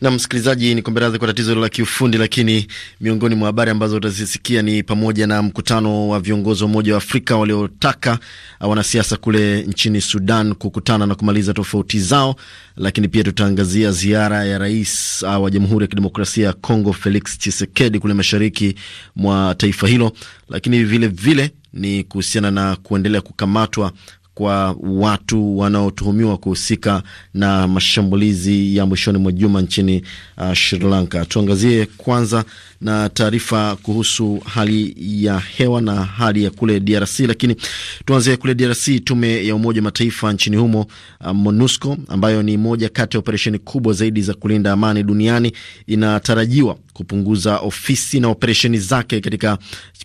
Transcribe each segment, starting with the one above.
Na msikilizaji, ni kombe radhi kwa tatizo la kiufundi, lakini miongoni mwa habari ambazo utazisikia ni pamoja na mkutano wa viongozi wa Umoja wa Afrika waliotaka uh, wanasiasa kule nchini Sudan kukutana na kumaliza tofauti zao, lakini pia tutaangazia ziara ya rais uh, wa Jamhuri ya Kidemokrasia ya Kongo Felix Tshisekedi kule mashariki mwa taifa hilo, lakini vilevile vile ni kuhusiana na kuendelea kukamatwa kwa watu wanaotuhumiwa kuhusika na mashambulizi ya mwishoni mwa juma nchini uh, Sri Lanka. Tuangazie kwanza na taarifa kuhusu hali ya hewa na hali ya kule DRC, lakini tuanze kule DRC. Tume ya Umoja wa Mataifa nchini humo uh, MONUSCO ambayo ni moja kati ya operesheni kubwa zaidi za kulinda amani duniani inatarajiwa kupunguza ofisi na operesheni zake katika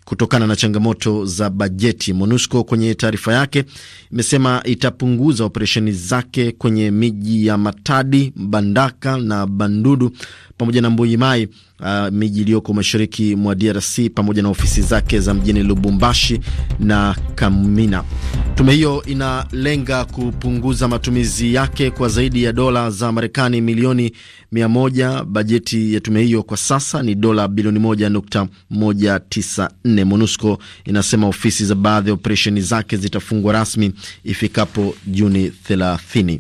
kutokana na changamoto za bajeti. MONUSCO kwenye taarifa yake imesema itapunguza operesheni zake kwenye miji ya Matadi, Mbandaka na Bandudu pamoja na Mbuji Mai uh, miji iliyoko mashariki mwa DRC pamoja na ofisi zake za mjini Lubumbashi na Kamina. Tume hiyo inalenga kupunguza matumizi yake kwa zaidi ya dola za Marekani milioni mia moja. Bajeti ya tume hiyo kwa sasa ni dola bilioni 1.194. MONUSCO inasema ofisi za baadhi ya operesheni zake zitafungwa rasmi ifikapo Juni 30.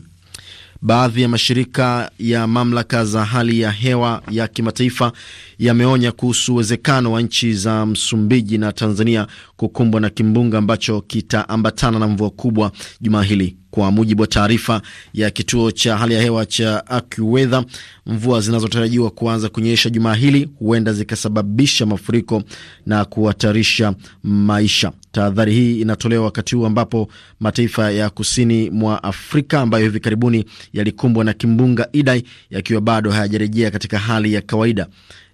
Baadhi ya mashirika ya mamlaka za hali ya hewa ya kimataifa yameonya kuhusu uwezekano wa nchi za Msumbiji na Tanzania kukumbwa na kimbunga ambacho kitaambatana na mvua kubwa juma hili. Kwa mujibu wa taarifa ya kituo cha hali ya hewa cha AccuWeather, mvua zinazotarajiwa kuanza kunyesha jumaa hili huenda zikasababisha mafuriko na kuhatarisha maisha. Tahadhari hii inatolewa wakati huu ambapo mataifa ya kusini mwa Afrika ambayo hivi karibuni yalikumbwa na kimbunga Idai yakiwa bado hayajarejea katika hali ya kawaida.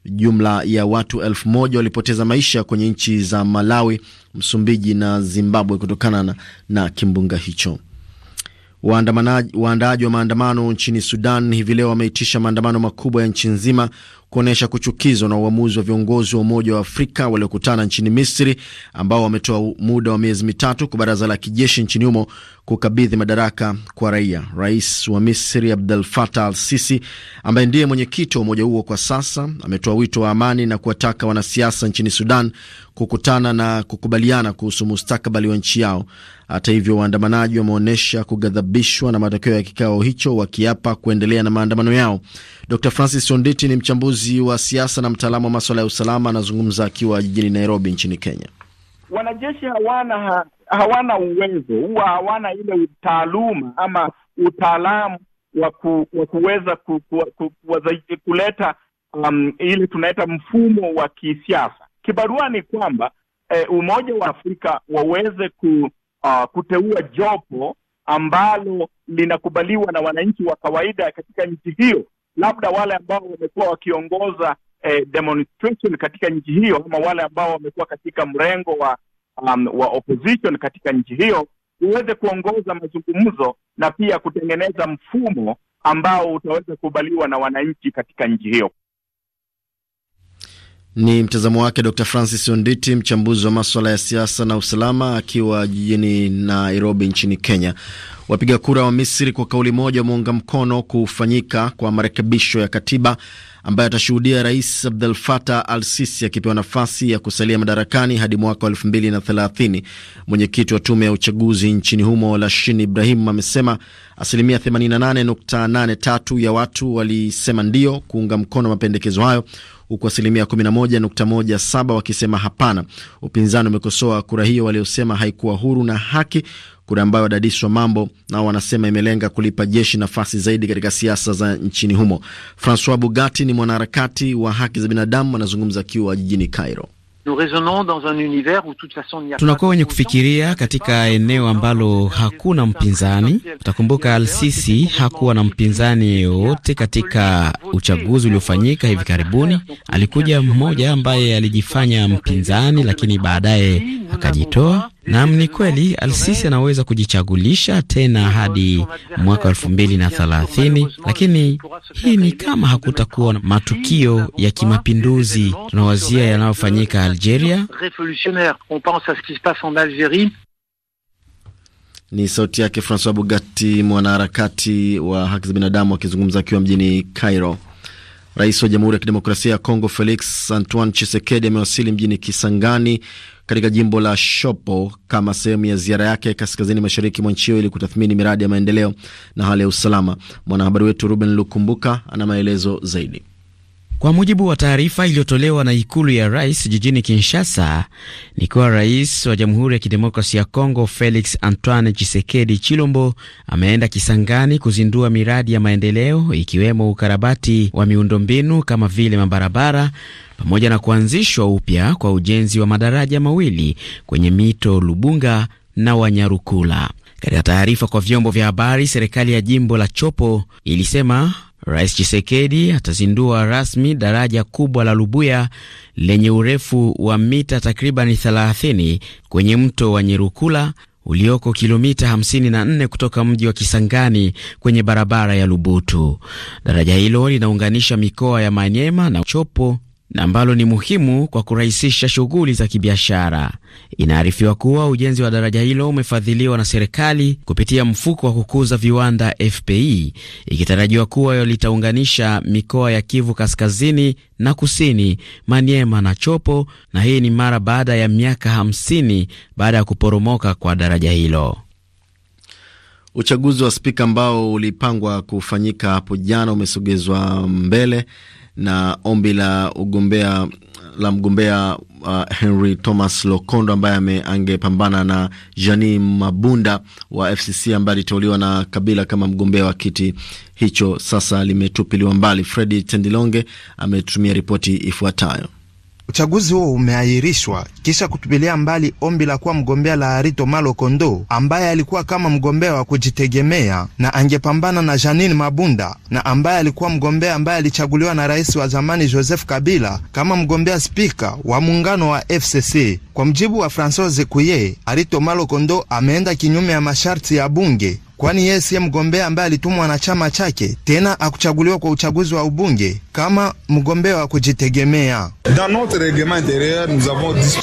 Jumla ya watu elfu moja walipoteza maisha kwenye nchi za Malawi, Msumbiji na Zimbabwe kutokana na, na kimbunga hicho. Waandaaji wa maandamano nchini Sudan hivi leo wameitisha maandamano makubwa ya nchi nzima kuonyesha kuchukizwa na uamuzi wa viongozi wa Umoja wa Afrika waliokutana nchini Misri, ambao wametoa muda wa miezi mitatu kwa baraza la kijeshi nchini humo kukabidhi madaraka kwa raia. Rais wa Misri Abdel Fattah Al Sisi, ambaye ndiye mwenyekiti wa umoja huo kwa sasa, ametoa wito wa amani na kuwataka wanasiasa nchini Sudan kukutana na kukubaliana kuhusu mustakabali wa nchi yao. Hata hivyo, waandamanaji wameonyesha kughadhabishwa na matokeo ya kikao hicho, wakiapa kuendelea na maandamano yao. Dr Francis Onditi ni mchambuzi wa siasa na mtaalamu wa maswala ya usalama, anazungumza akiwa jijini Nairobi nchini Kenya. Wanajeshi hawana hawana uwezo huwa hawana ile utaaluma ama utaalamu wa kuweza ku, ku, ku, ku, kuleta um, ile tunaita mfumo wa kisiasa. Kibarua ni kwamba eh, Umoja wa Afrika waweze ku, uh, kuteua jopo ambalo linakubaliwa na wananchi wa kawaida katika nchi hiyo, labda wale ambao wamekuwa wakiongoza eh, demonstration katika nchi hiyo ama wale ambao wamekuwa katika mrengo wa um, wa opposition katika nchi hiyo, uweze kuongoza mazungumzo na pia kutengeneza mfumo ambao utaweza kukubaliwa na wananchi katika nchi hiyo. Ni mtazamo wake Dr Francis Onditi, mchambuzi wa maswala ya siasa na usalama, akiwa jijini Nairobi nchini Kenya. Wapiga kura wa Misri kwa kauli moja wameunga mkono kufanyika kwa marekebisho ya katiba ambayo atashuhudia Rais Abdel Fattah al Sisi akipewa nafasi ya kusalia madarakani hadi mwaka wa elfu mbili na thelathini. Mwenyekiti wa tume ya uchaguzi nchini humo Lashin Ibrahim amesema asilimia 88.83 ya watu walisema ndio kuunga mkono mapendekezo hayo huku asilimia 11.17 wakisema hapana. Upinzani umekosoa kura hiyo waliosema haikuwa huru na haki, kura ambayo wadadisi wa mambo nao wanasema imelenga kulipa jeshi nafasi zaidi katika siasa za nchini humo. Francois Bugati ni mwanaharakati wa haki za binadamu, anazungumza akiwa jijini Cairo. Tunakuwa wenye kufikiria katika eneo ambalo hakuna mpinzani. Utakumbuka Alsisi hakuwa na mpinzani yoyote katika uchaguzi uliofanyika hivi karibuni. Alikuja mmoja ambaye alijifanya mpinzani, lakini baadaye akajitoa Naam, ni kweli alsisi anaweza kujichagulisha tena hadi mwaka elfu mbili na thelathini, lakini hii ni kama hakutakuwa matukio ya kimapinduzi tunawazia yanayofanyika Algeria. Ni sauti yake Francois bugati mwanaharakati wa haki za binadamu akizungumza akiwa mjini Cairo. Rais wa Jamhuri ya Kidemokrasia ya Kongo Felix Antoine chisekedi amewasili mjini Kisangani katika jimbo la Shopo kama sehemu ya ziara yake kaskazini mashariki mwa nchi hiyo ili kutathmini miradi ya maendeleo na hali ya usalama. Mwanahabari wetu Ruben Lukumbuka ana maelezo zaidi. Kwa mujibu wa taarifa iliyotolewa na ikulu ya rais jijini Kinshasa, ni kuwa rais wa Jamhuri ya Kidemokrasia ya Kongo Felix Antoine chisekedi Chilombo ameenda Kisangani kuzindua miradi ya maendeleo ikiwemo ukarabati wa miundombinu kama vile mabarabara pamoja na kuanzishwa upya kwa ujenzi wa madaraja mawili kwenye mito Lubunga na Wanyarukula. Katika taarifa kwa vyombo vya habari, serikali ya jimbo la Chopo ilisema Rais Chisekedi atazindua rasmi daraja kubwa la Lubuya lenye urefu wa mita takribani 30 kwenye mto wa Nyerukula ulioko kilomita 54 kutoka mji wa Kisangani kwenye barabara ya Lubutu. Daraja hilo linaunganisha mikoa ya Manyema na Chopo na ambalo ni muhimu kwa kurahisisha shughuli za kibiashara. Inaarifiwa kuwa ujenzi wa daraja hilo umefadhiliwa na serikali kupitia mfuko wa kukuza viwanda FPI, e, ikitarajiwa kuwa litaunganisha mikoa ya Kivu Kaskazini na Kusini, Maniema na Chopo, na hii ni mara baada ya miaka 50 baada ya kuporomoka kwa daraja hilo. Uchaguzi wa spika ambao ulipangwa kufanyika hapo jana umesogezwa mbele na ombi la ugombea la mgombea uh, Henry Thomas Lokondo ambaye angepambana na Jani Mabunda wa FCC ambaye aliteuliwa na Kabila kama mgombea wa kiti hicho, sasa limetupiliwa mbali. Fredi Tendilonge ametumia ripoti ifuatayo. Uchaguzi huo umeahirishwa kisha kutupilia mbali ombi la kuwa mgombea la Arito Malo Kondo ambaye alikuwa kama mgombea wa kujitegemea na angepambana na Janine Mabunda na ambaye alikuwa mgombea ambaye alichaguliwa na rais wa zamani Joseph Kabila kama mgombea spika wa muungano wa FCC. Kwa mjibu wa Francois Zekuye, Arito Malo Kondo ameenda kinyume ya masharti ya bunge kwani yeye siye mgombea ambaye alitumwa na chama chake, tena akuchaguliwa kwa uchaguzi wa ubunge kama mgombea wa kujitegemea.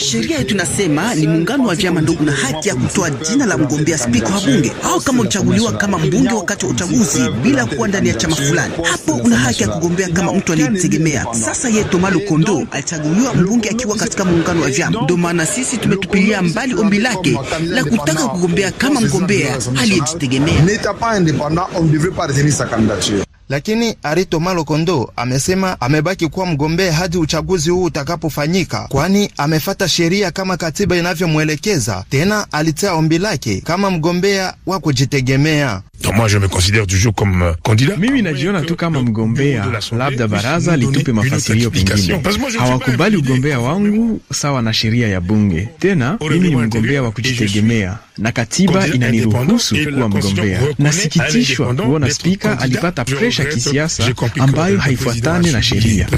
Sheria yetu inasema ni muungano wa vyama ndogo na haki ya kutoa jina la mgombea spika wa bunge au kama uchaguliwa kama mbunge wakati wa uchaguzi bila kuwa ndani ya chama fulani, hapo una haki ya kugombea kama mtu aliyejitegemea. Sasa yeye Tomalo Kondo alichaguliwa mbunge akiwa katika muungano wa vyama, ndio maana sisi tumetupilia mbali ombi lake la kutaka kugombea kama mgombea aliyejitegemea. N'étant pas indépendant, on ne devrait pas retenir sa candidature. Lakini Arito Malokondo amesema amebaki kuwa mgombea hadi uchaguzi huu utakapofanyika, kwani amefata sheria kama katiba inavyomwelekeza. Tena alitia ombi lake kama mgombea wa kujitegemea. Euh, mimi najiona tu kama mgombea, labda baraza litupe mafasirio pengine. Hawakubali ugombea wangu sawa na sheria ya bunge. Tena mimi ni mgombea wa kujitegemea na katiba inaniruhusu kuwa mgombea. Nasikitishwa kuona spika alipata presha maisha kisiasa ambayo haifuatani na sheria.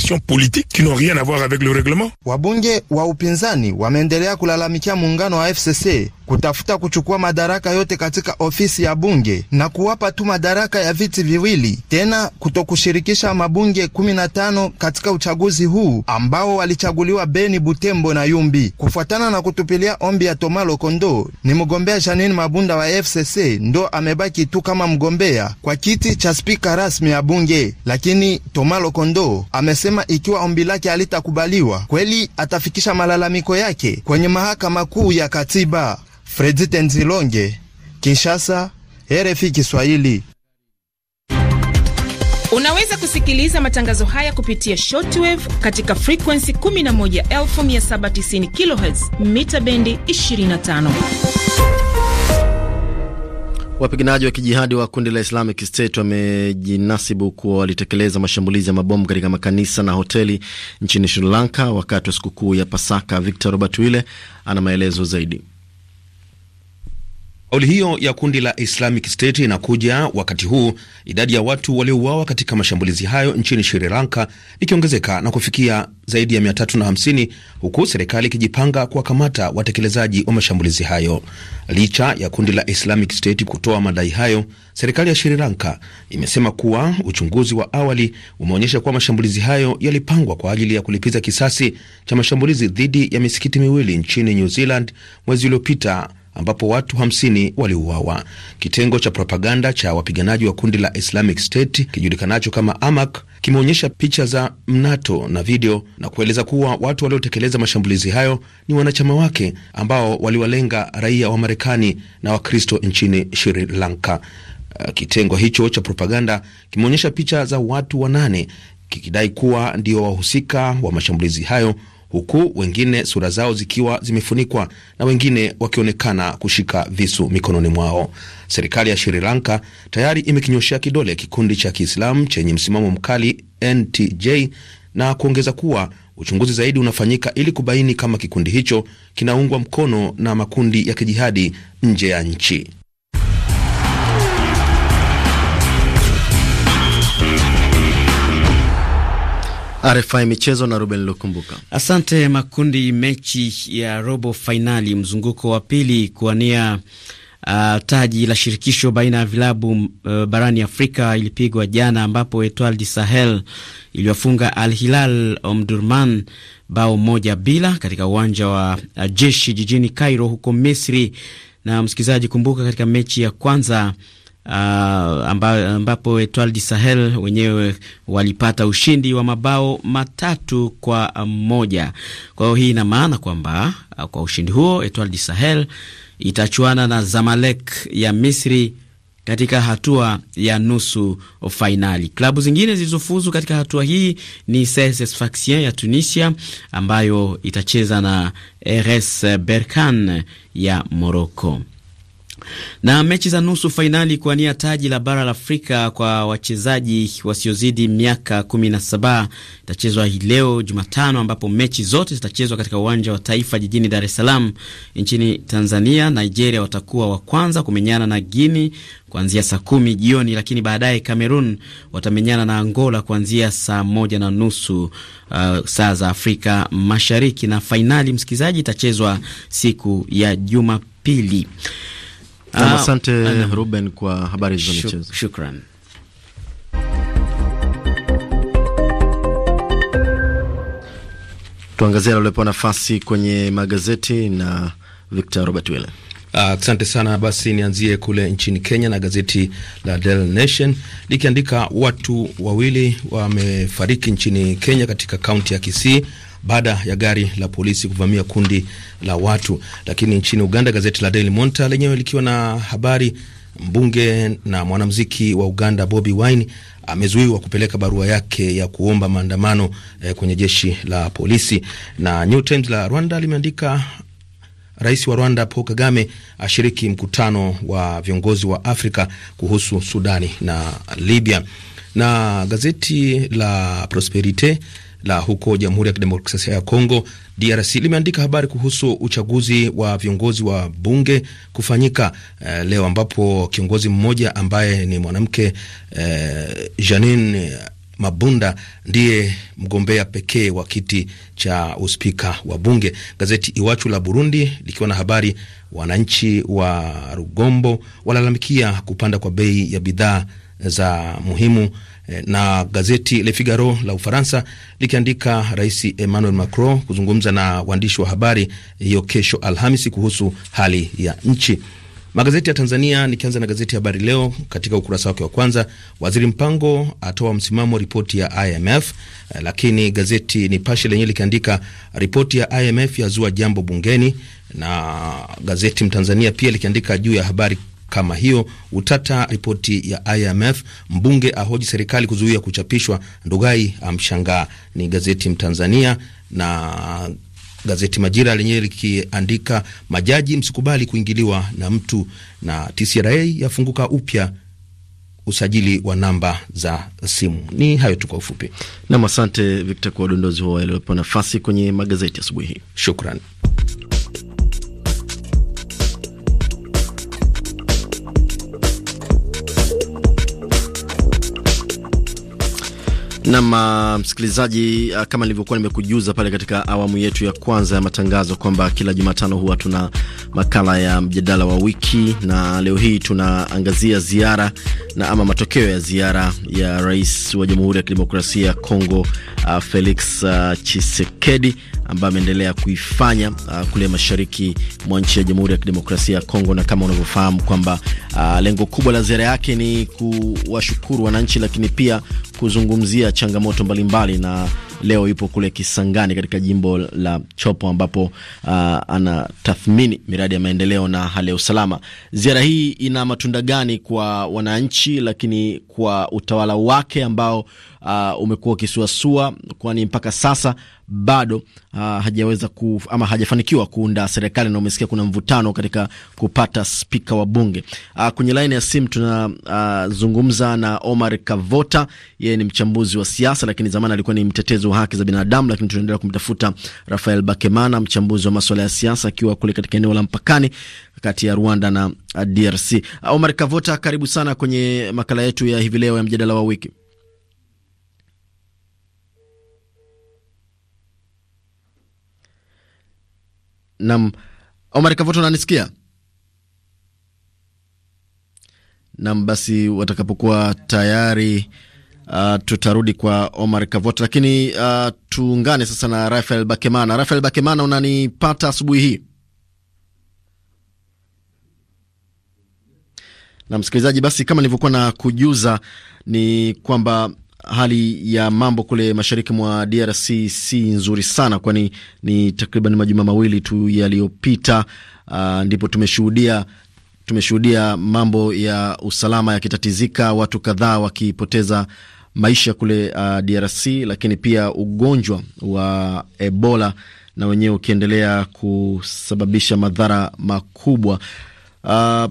Wabunge wa upinzani wameendelea kulalamikia muungano wa FCC kutafuta kuchukua madaraka yote katika ofisi ya bunge na kuwapa tu madaraka ya viti viwili, tena kutokushirikisha mabunge 15 katika uchaguzi huu ambao walichaguliwa Beni, Butembo na Yumbi. Kufuatana na kutupilia ombi ya Toma Lokondo, ni mgombea Janine Mabunda wa FCC ndo amebaki tu kama mgombea kwa kiti cha spika rasmi rasmi ya bunge, lakini Toma Lokondo amesema ikiwa ombi lake alitakubaliwa kweli atafikisha malalamiko yake kwenye mahakama kuu ya katiba. Fredi Tenzilonge, Kinshasa, RFI Kiswahili. Unaweza kusikiliza matangazo haya kupitia shortwave katika frequency 11790 kHz mita bendi 25. Wapiganaji wa kijihadi wa kundi la Islamic State wamejinasibu kuwa walitekeleza mashambulizi ya mabomu katika makanisa na hoteli nchini Sri Lanka wakati wa sikukuu ya Pasaka. Victor Robert wille ana maelezo zaidi. Kauli hiyo ya kundi la Islamic State inakuja wakati huu idadi ya watu waliouawa katika mashambulizi hayo nchini Sri Lanka ikiongezeka na kufikia zaidi ya 350 huku serikali ikijipanga kuwakamata watekelezaji wa mashambulizi hayo. Licha ya kundi la Islamic State kutoa madai hayo, serikali ya Sri Lanka imesema kuwa uchunguzi wa awali umeonyesha kuwa mashambulizi hayo yalipangwa kwa ajili ya kulipiza kisasi cha mashambulizi dhidi ya misikiti miwili nchini New Zealand mwezi uliopita ambapo watu 50 waliuawa. Kitengo cha propaganda cha wapiganaji wa kundi la Islamic State kijulikanacho kama Amak kimeonyesha picha za mnato na video na kueleza kuwa watu waliotekeleza mashambulizi hayo ni wanachama wake ambao waliwalenga raia wa Marekani na Wakristo nchini Sri Lanka. Uh, kitengo hicho cha propaganda kimeonyesha picha za watu wanane kikidai kuwa ndio wahusika wa mashambulizi hayo huku wengine sura zao zikiwa zimefunikwa na wengine wakionekana kushika visu mikononi mwao. Serikali ya Sri Lanka tayari imekinyoshea kidole kikundi cha Kiislamu chenye msimamo mkali NTJ na kuongeza kuwa uchunguzi zaidi unafanyika ili kubaini kama kikundi hicho kinaungwa mkono na makundi ya kijihadi nje ya nchi. RFI Michezo na Ruben Lukumbuka. Asante Makundi. Mechi ya robo fainali mzunguko wa pili kuwania uh, taji la shirikisho baina ya vilabu uh, barani Afrika ilipigwa jana, ambapo Etoile du Sahel iliwafunga Al Hilal Omdurman bao moja bila katika uwanja wa uh, jeshi jijini Cairo huko Misri. Na msikilizaji, kumbuka katika mechi ya kwanza uh, amba, ambapo Etoile du Sahel wenyewe walipata ushindi wa mabao matatu kwa moja. Kwa hiyo hii ina maana kwamba uh, kwa ushindi huo Etoile du Sahel itachuana na Zamalek ya Misri katika hatua ya nusu fainali. Klabu zingine zilizofuzu katika hatua hii ni CS Sfaxien ya Tunisia ambayo itacheza na RS Berkane ya Morocco. Na mechi za nusu fainali kuwania taji la bara la Afrika kwa wachezaji wasiozidi miaka 17 itachezwa hii leo Jumatano, ambapo mechi zote zitachezwa katika uwanja wa taifa jijini Dar es Salaam nchini Tanzania. Nigeria watakuwa wa kwanza kumenyana na Guini kuanzia saa kumi jioni, lakini baadaye Cameroon watamenyana na Angola kuanzia saa moja na nusu uh, saa za Afrika Mashariki. Na fainali, msikilizaji, itachezwa siku ya Jumapili. Ah, asante Ruben kwa habari za michezo. Shukran. Tuangazie aliopewa nafasi kwenye magazeti na Victor Robert Wille. Ah, asante uh, sana. Basi nianzie kule nchini Kenya na gazeti la Daily Nation likiandika watu wawili wamefariki nchini Kenya katika kaunti ya Kisii baada ya gari la polisi kuvamia kundi la watu. Lakini nchini Uganda, gazeti la Daily Monitor lenyewe likiwa na habari mbunge na mwanamuziki wa Uganda Bobi Wine amezuiwa kupeleka barua yake ya kuomba maandamano eh, kwenye jeshi la polisi. Na New Times la Rwanda limeandika Rais wa Rwanda Paul Kagame ashiriki mkutano wa viongozi wa Afrika kuhusu Sudani na Libya. Na gazeti la Prosperite la huko Jamhuri ya Kidemokrasia ya Kongo DRC limeandika habari kuhusu uchaguzi wa viongozi wa bunge kufanyika eh, leo ambapo kiongozi mmoja ambaye ni mwanamke eh, Janine Mabunda ndiye mgombea pekee wa kiti cha uspika wa bunge. Gazeti Iwachu la Burundi likiwa na habari, wananchi wa Rugombo walalamikia kupanda kwa bei ya bidhaa za muhimu Eh, na gazeti Le Figaro la Ufaransa likiandika Rais Emmanuel Macron kuzungumza na waandishi wa habari hiyo kesho Alhamisi kuhusu hali ya nchi. Magazeti ya Tanzania, nikianza na gazeti ya Habari Leo, katika ukurasa wake wa kwanza, waziri Mpango atoa msimamo ripoti ya IMF. Eh, lakini gazeti Nipashe lenyewe likiandika ripoti ya IMF yazua jambo bungeni, na gazeti Mtanzania pia likiandika juu ya habari kama hiyo. Utata ripoti ya IMF, mbunge ahoji serikali kuzuia kuchapishwa. Ndugai amshangaa. Ni gazeti Mtanzania na gazeti Majira lenyewe likiandika majaji msikubali kuingiliwa na mtu, na TCRA yafunguka upya usajili wa namba za simu. Ni hayo tu kwa ufupi. Nam, asante Victor kwa udondozi huo yaliyopewa nafasi kwenye magazeti asubuhi hii. Shukran. Nam uh, msikilizaji, uh, kama nilivyokuwa nimekujuza pale katika awamu yetu ya kwanza ya matangazo kwamba kila Jumatano huwa tuna makala ya mjadala wa wiki, na leo hii tunaangazia ziara na ama matokeo ya ziara ya rais wa Jamhuri ya Kidemokrasia ya Kongo uh, Felix uh, Chisekedi ambaye ameendelea kuifanya uh, kule mashariki mwa nchi ya Jamhuri ya Kidemokrasia ya Kongo, na kama unavyofahamu kwamba uh, lengo kubwa la ziara yake ni kuwashukuru wananchi, lakini pia kuzungumzia changamoto mbalimbali mbali na leo ipo kule Kisangani katika jimbo la Chopo ambapo uh, anatathmini miradi ya maendeleo na hali ya usalama. Ziara hii ina matunda gani kwa wananchi, lakini kwa utawala wake ambao uh, umekuwa ukisuasua, kwani mpaka sasa bado uh, hajaweza ku, ama hajafanikiwa kuunda serikali, na umesikia kuna mvutano katika kupata spika wa bunge. Uh, kwenye laini ya simu tunazungumza ah, uh, na Omar Kavota. Yeye ni mchambuzi wa siasa, lakini zamani alikuwa ni mtetezi wa haki za binadamu, lakini tunaendelea kumtafuta Rafael Bakemana, mchambuzi wa masuala ya siasa, akiwa kule katika eneo la mpakani kati ya Rwanda na DRC. Omar Kavota, karibu sana kwenye makala yetu ya hivi leo ya mjadala wa wiki. Nam Omar Kavoto, nanisikia? Nam, basi watakapokuwa tayari Uh, tutarudi kwa Omar Kavota, lakini uh, tuungane sasa na Rafael Bakemana. Rafael Bakemana, unanipata asubuhi hii? Na msikilizaji, basi kama nilivyokuwa na kujuza ni kwamba hali ya mambo kule mashariki mwa DRC si nzuri sana, kwani ni takriban majuma mawili tu yaliyopita, uh, ndipo tumeshuhudia tumeshuhudia mambo ya usalama yakitatizika, watu kadhaa wakipoteza maisha kule uh, DRC, lakini pia ugonjwa wa Ebola na wenyewe ukiendelea kusababisha madhara makubwa uh,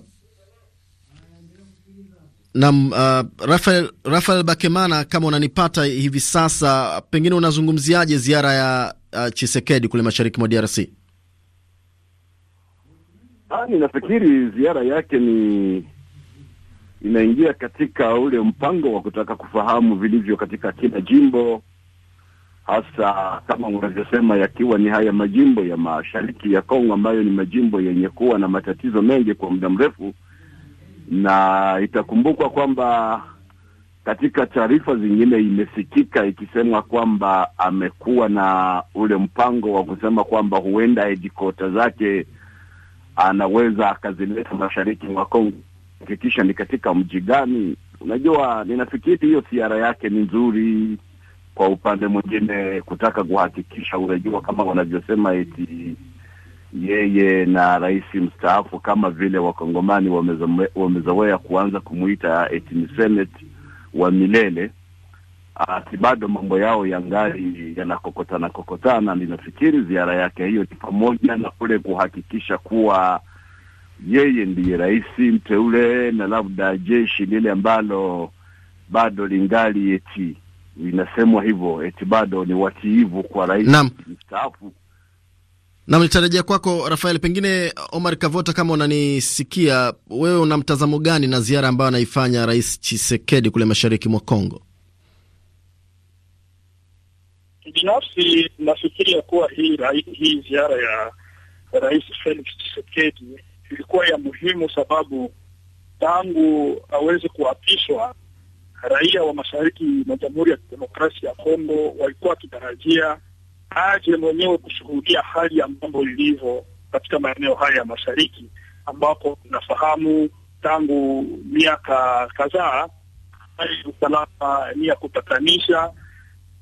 Nam uh, Rafael, Rafael Bakemana, kama unanipata hivi sasa, pengine unazungumziaje ziara ya uh, Chisekedi kule mashariki mwa DRC? Ah, ninafikiri ziara yake ni inaingia katika ule mpango wa kutaka kufahamu vilivyo katika kila jimbo, hasa kama unavyosema, yakiwa ni haya majimbo ya mashariki ya Kongo ambayo ni majimbo yenye kuwa na matatizo mengi kwa muda mrefu na itakumbukwa kwamba katika taarifa zingine imesikika ikisema kwamba amekuwa na ule mpango wa kusema kwamba huenda hedikota zake anaweza akazileta mashariki mwa Kongo. Hakikisha ni katika mji gani? Unajua, ninafikiri hiyo siara yake ni nzuri, kwa upande mwingine kutaka kuhakikisha, unajua kama wanavyosema eti yeye na rais mstaafu, kama vile wakongomani wamezoea kuanza kumwita eti ni senate wa milele, ati bado mambo yao ya ngari yanakokotana kokotana. Ninafikiri ziara yake hiyo ni pamoja na kule kuhakikisha kuwa yeye ndiye rais mteule na labda jeshi lile ambalo bado lingali eti, inasemwa hivyo eti bado ni watiivu kwa rais mstaafu Nam, nitarajia kwako Rafael. Pengine Omar Kavota, kama unanisikia wewe, una mtazamo gani na ziara ambayo anaifanya Rais Chisekedi kule mashariki mwa Kongo? Binafsi nafikiria kuwa hii, hii ziara ya Rais Felix Chisekedi ilikuwa ya muhimu, sababu tangu aweze kuapishwa, raia wa mashariki mwa Jamhuri ya Kidemokrasia ya Kongo walikuwa wakitarajia aje mwenyewe kushuhudia hali ya mambo ilivyo katika maeneo haya ya mashariki, ambapo tunafahamu tangu miaka kadhaa hali ya usalama ni ya kutatanisha,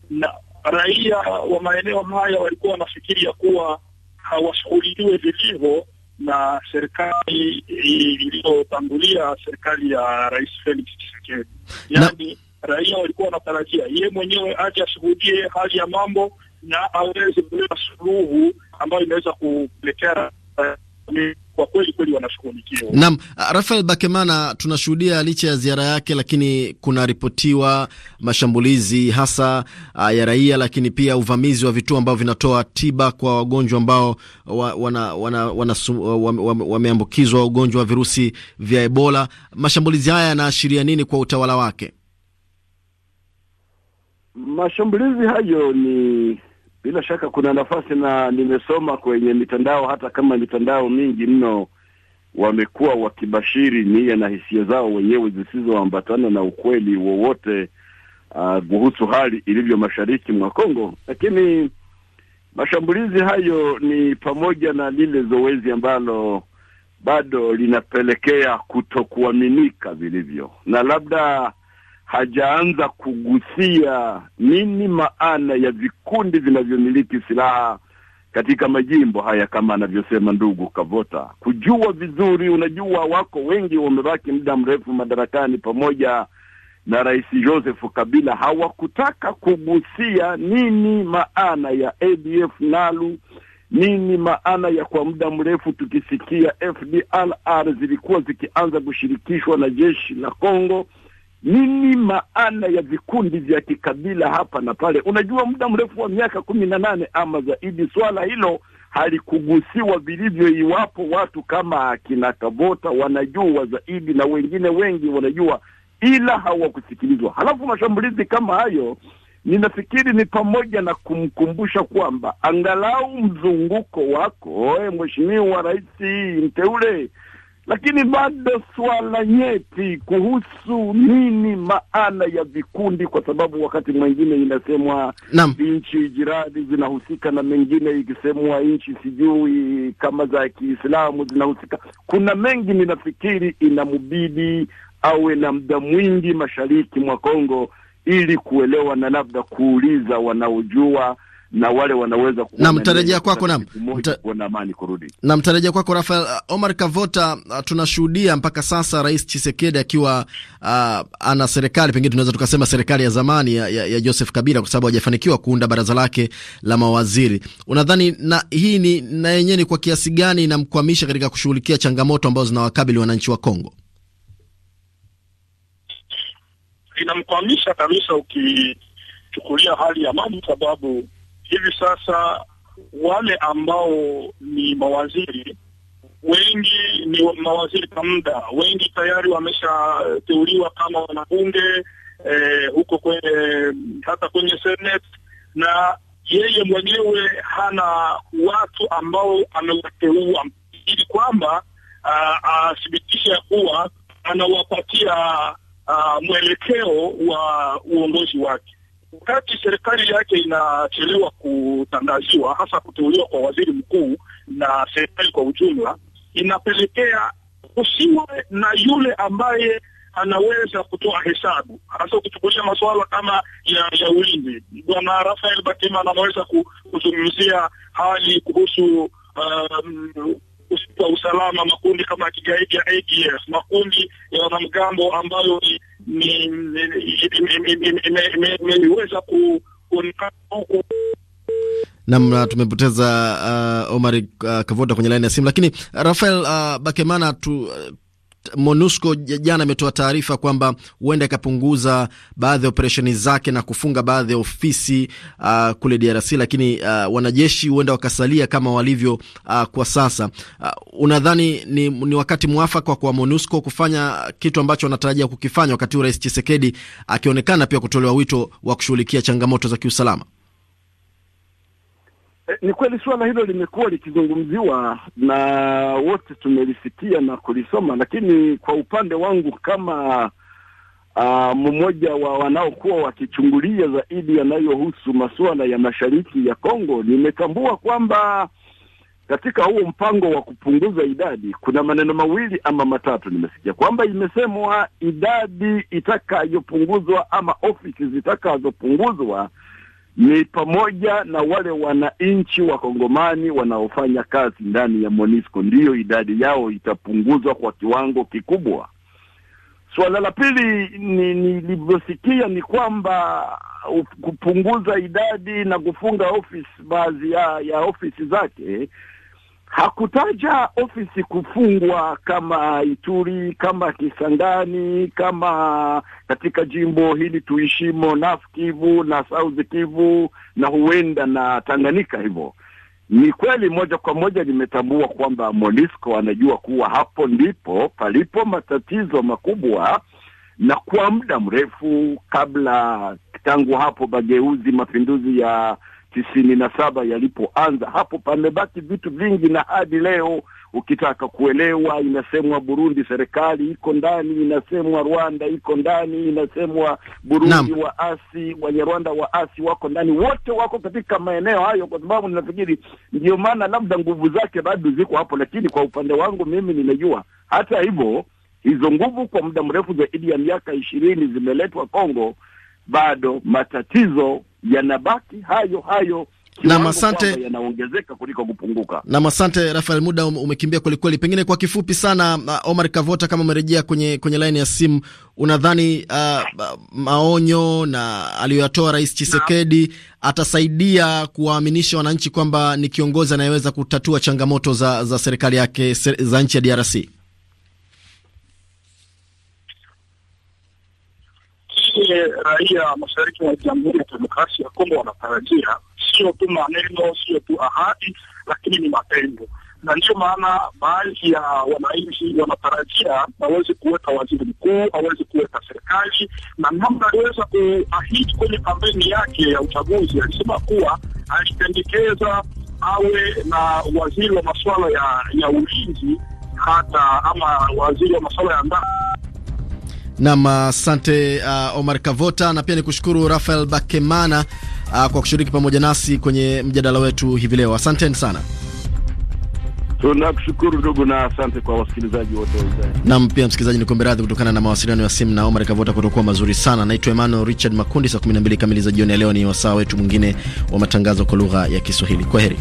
na raia wa maeneo haya walikuwa wanafikiri ya kuwa hawashughuliwe vilivyo na serikali iliyotangulia, serikali ya Rais Felix Tshisekedi. Yaani raia walikuwa wanatarajia ye mwenyewe aje ashuhudie hali ya mambo na hawezi kuleta suluhu ambayo inaweza kuletea uh, kwa kweli kweli wanashughulikiwa. Naam, Rafael Bakemana, tunashuhudia licha ya ziara yake, lakini kunaripotiwa mashambulizi hasa uh, ya raia, lakini pia uvamizi wa vituo ambavyo vinatoa tiba kwa wagonjwa ambao wameambukizwa wana, wana, wame ugonjwa wa virusi vya Ebola. Mashambulizi haya yanaashiria nini kwa utawala wake? Mashambulizi hayo ni bila shaka kuna nafasi, na nimesoma kwenye mitandao, hata kama mitandao mingi mno wamekuwa wakibashiri nia na hisia zao wenyewe zisizoambatana na ukweli wowote uh, kuhusu uh, hali ilivyo mashariki mwa Kongo, lakini mashambulizi hayo ni pamoja na lile zoezi ambalo bado linapelekea kutokuaminika vilivyo, na labda hajaanza kugusia nini maana ya vikundi vinavyomiliki silaha katika majimbo haya kama anavyosema ndugu Kavota, kujua vizuri. Unajua, wako wengi wamebaki muda mrefu madarakani pamoja na Rais Joseph Kabila, hawakutaka kugusia nini maana ya ADF NALU, nini maana ya kwa muda mrefu tukisikia FDLR zilikuwa zikianza kushirikishwa na jeshi la Kongo nini maana ya vikundi vya kikabila hapa na pale? Unajua, muda mrefu wa miaka kumi na nane ama zaidi, swala hilo halikugusiwa vilivyo, iwapo watu kama akina Kabota wanajua zaidi na wengine wengi wanajua, ila hawakusikilizwa. Halafu mashambulizi kama hayo, ninafikiri ni pamoja na kumkumbusha kwamba angalau mzunguko wako, eh, mheshimiwa rais mteule lakini bado swala nyeti kuhusu nini maana ya vikundi, kwa sababu wakati mwingine inasemwa nchi jirani zinahusika na mengine ikisemwa nchi sijui kama za Kiislamu zinahusika. Kuna mengi ninafikiri inamubidi awe na muda mwingi mashariki mwa Kongo ili kuelewa na labda kuuliza wanaojua na wale wanaweza na mtarajia kwako na amani kurudi. Na mtarajia kwako Rafael uh, Omar Kavota, uh, tunashuhudia mpaka sasa Rais Chisekedi akiwa uh, ana serikali pengine tunaweza tukasema serikali ya zamani ya, ya, ya Joseph Kabila kwa sababu hajafanikiwa kuunda baraza lake la mawaziri. Unadhani na hii ni na yenyewe ni kwa kiasi gani inamkwamisha katika kushughulikia changamoto ambazo zinawakabili wananchi wa Kongo? Inamkwamisha kabisa ukichukulia hali ya mambo sababu hivi sasa wale ambao ni mawaziri wengi ni mawaziri kwa muda, wengi tayari wameshateuliwa kama wanabunge eh, huko kwenye hata kwenye seneti, na yeye mwenyewe hana watu ambao amewateua ili kwamba ah, athibitishe ya kuwa anawapatia ah, mwelekeo wa uongozi wake wakati serikali yake inachelewa kutangaziwa, hasa kuteuliwa kwa waziri mkuu na serikali kwa ujumla, inapelekea usiwe na yule ambaye anaweza kutoa hesabu, hasa ukichukulia masuala kama ya, ya ulinzi. Bwana Rafael Batima anaweza kuzungumzia hali kuhusu um, wa usalama, makundi kama kigaidi ya ADF, makundi ya wanamgambo ambayo imeweza kuonekana huku Nam, tumepoteza uh, Omar uh, Kavota kwenye laini ya simu, lakini Rafael uh, Bakemana tu, uh, MONUSCO jana imetoa taarifa kwamba huenda ikapunguza baadhi ya operesheni zake na kufunga baadhi ya ofisi uh, kule DRC, lakini uh, wanajeshi huenda wakasalia kama walivyo uh, kwa sasa. Uh, unadhani ni, ni wakati mwafaka kwa MONUSCO kufanya kitu ambacho wanatarajia kukifanya wakati huu Rais chisekedi akionekana pia kutolewa wito wa kushughulikia changamoto za kiusalama? Eh, ni kweli suala hilo limekuwa likizungumziwa na wote tumelisikia na kulisoma, lakini kwa upande wangu kama uh, mmoja wa wanaokuwa wakichungulia zaidi yanayohusu masuala ya mashariki ya Kongo, nimetambua kwamba katika huo mpango wa kupunguza idadi kuna maneno mawili ama matatu nimesikia kwamba imesemwa idadi itakayopunguzwa ama ofisi zitakazopunguzwa ni pamoja na wale wananchi wakongomani wanaofanya kazi ndani ya MONUSCO, ndiyo idadi yao itapunguzwa kwa kiwango kikubwa. Suala la pili nilivyosikia ni, ni kwamba kupunguza idadi na kufunga ofisi baadhi ya, ya ofisi zake hakutaja ofisi kufungwa kama Ituri, kama Kisangani, kama katika jimbo hili tuishimo naf Kivu na South Kivu na huenda na Tanganyika. Hivyo ni kweli, moja kwa moja nimetambua kwamba monisco anajua kuwa hapo ndipo palipo matatizo makubwa na kwa muda mrefu kabla, tangu hapo mageuzi, mapinduzi ya tisini na saba yalipoanza. Hapo pamebaki vitu vingi, na hadi leo ukitaka kuelewa, inasemwa Burundi serikali iko ndani, inasemwa Rwanda iko ndani, inasemwa Burundi waasi, Wanyarwanda waasi wako ndani, wote wako katika maeneo hayo, kwa sababu ninafikiri ndio maana labda nguvu zake bado ziko hapo. Lakini kwa upande wangu mimi ninajua hata hivyo hizo nguvu kwa muda mrefu zaidi ya miaka ishirini zimeletwa Kongo, bado matatizo yanabaki hayo hayo na asante, yanaongezeka kuliko kupunguka. Na asante Rafael, muda um-, umekimbia kwelikweli. Pengine kwa kifupi sana, uh, Omar Kavota, kama umerejea kwenye, kwenye laini ya simu, unadhani uh, uh, maonyo na aliyoyatoa Rais Chisekedi atasaidia kuwaaminisha wananchi kwamba ni kiongozi anayeweza kutatua changamoto za, za serikali yake za nchi ya DRC? sisi raia mashariki mwa Jamhuri ya Kidemokrasia ya Kongo wanatarajia sio tu maneno, sio tu ahadi, lakini ni matendo, na ndio maana baadhi ya wananchi wanatarajia aweze kuweka waziri mkuu, aweze kuweka serikali, na namna aliweza kuahidi kwenye kampeni yake ya uchaguzi, alisema kuwa alipendekeza awe na waziri wa masuala ya, ya ulinzi hata ama waziri wa masuala ya ndani Nam, asante uh, Omar Kavota, na pia ni kushukuru Rafael Bakemana uh, kwa kushiriki pamoja nasi kwenye mjadala wetu hivi leo. Asanteni sana. Tunakushukuru ndugu, na asante kwa wasikilizaji wote. Nam pia msikilizaji, ni kuombe radhi kutokana na mawasiliano ya simu na Omar Kavota kutokuwa mazuri sana. Naitwa Emmanuel Richard Makundi. Saa 12 kamili za jioni ya leo ni wasaa wetu mwingine wa matangazo kwa lugha ya Kiswahili. Kwa heri.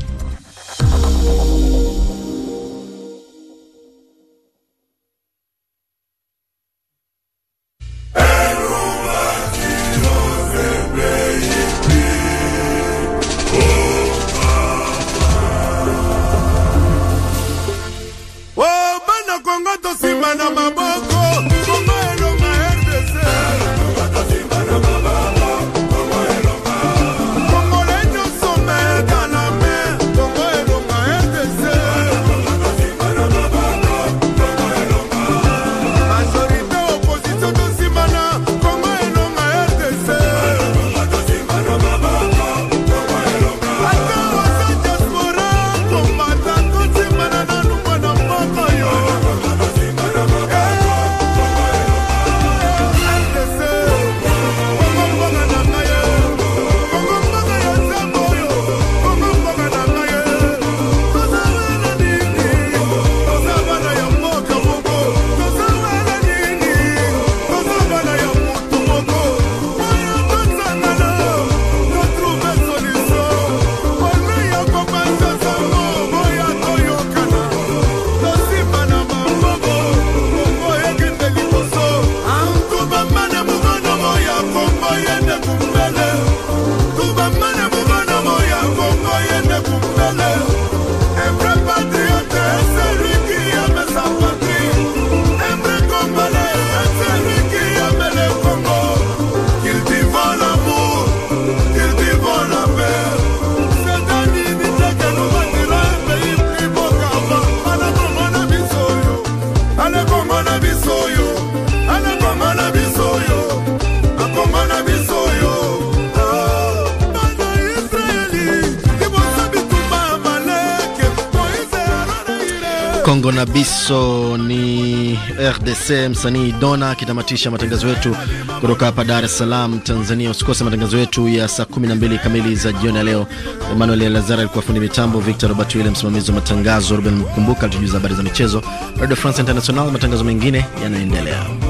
Miso ni RDC msanii Dona akitamatisha matangazo yetu kutoka hapa Dar es Salaam, Tanzania. Usikose matangazo yetu ya saa 12 kamili za jioni ya leo. Emmanuel Lazara alikuwa fundi mitambo, Victor Robert Wille msimamizi wa matangazo, Ruben Mkumbuka alitujuza habari za michezo. Radio France International, matangazo mengine yanaendelea.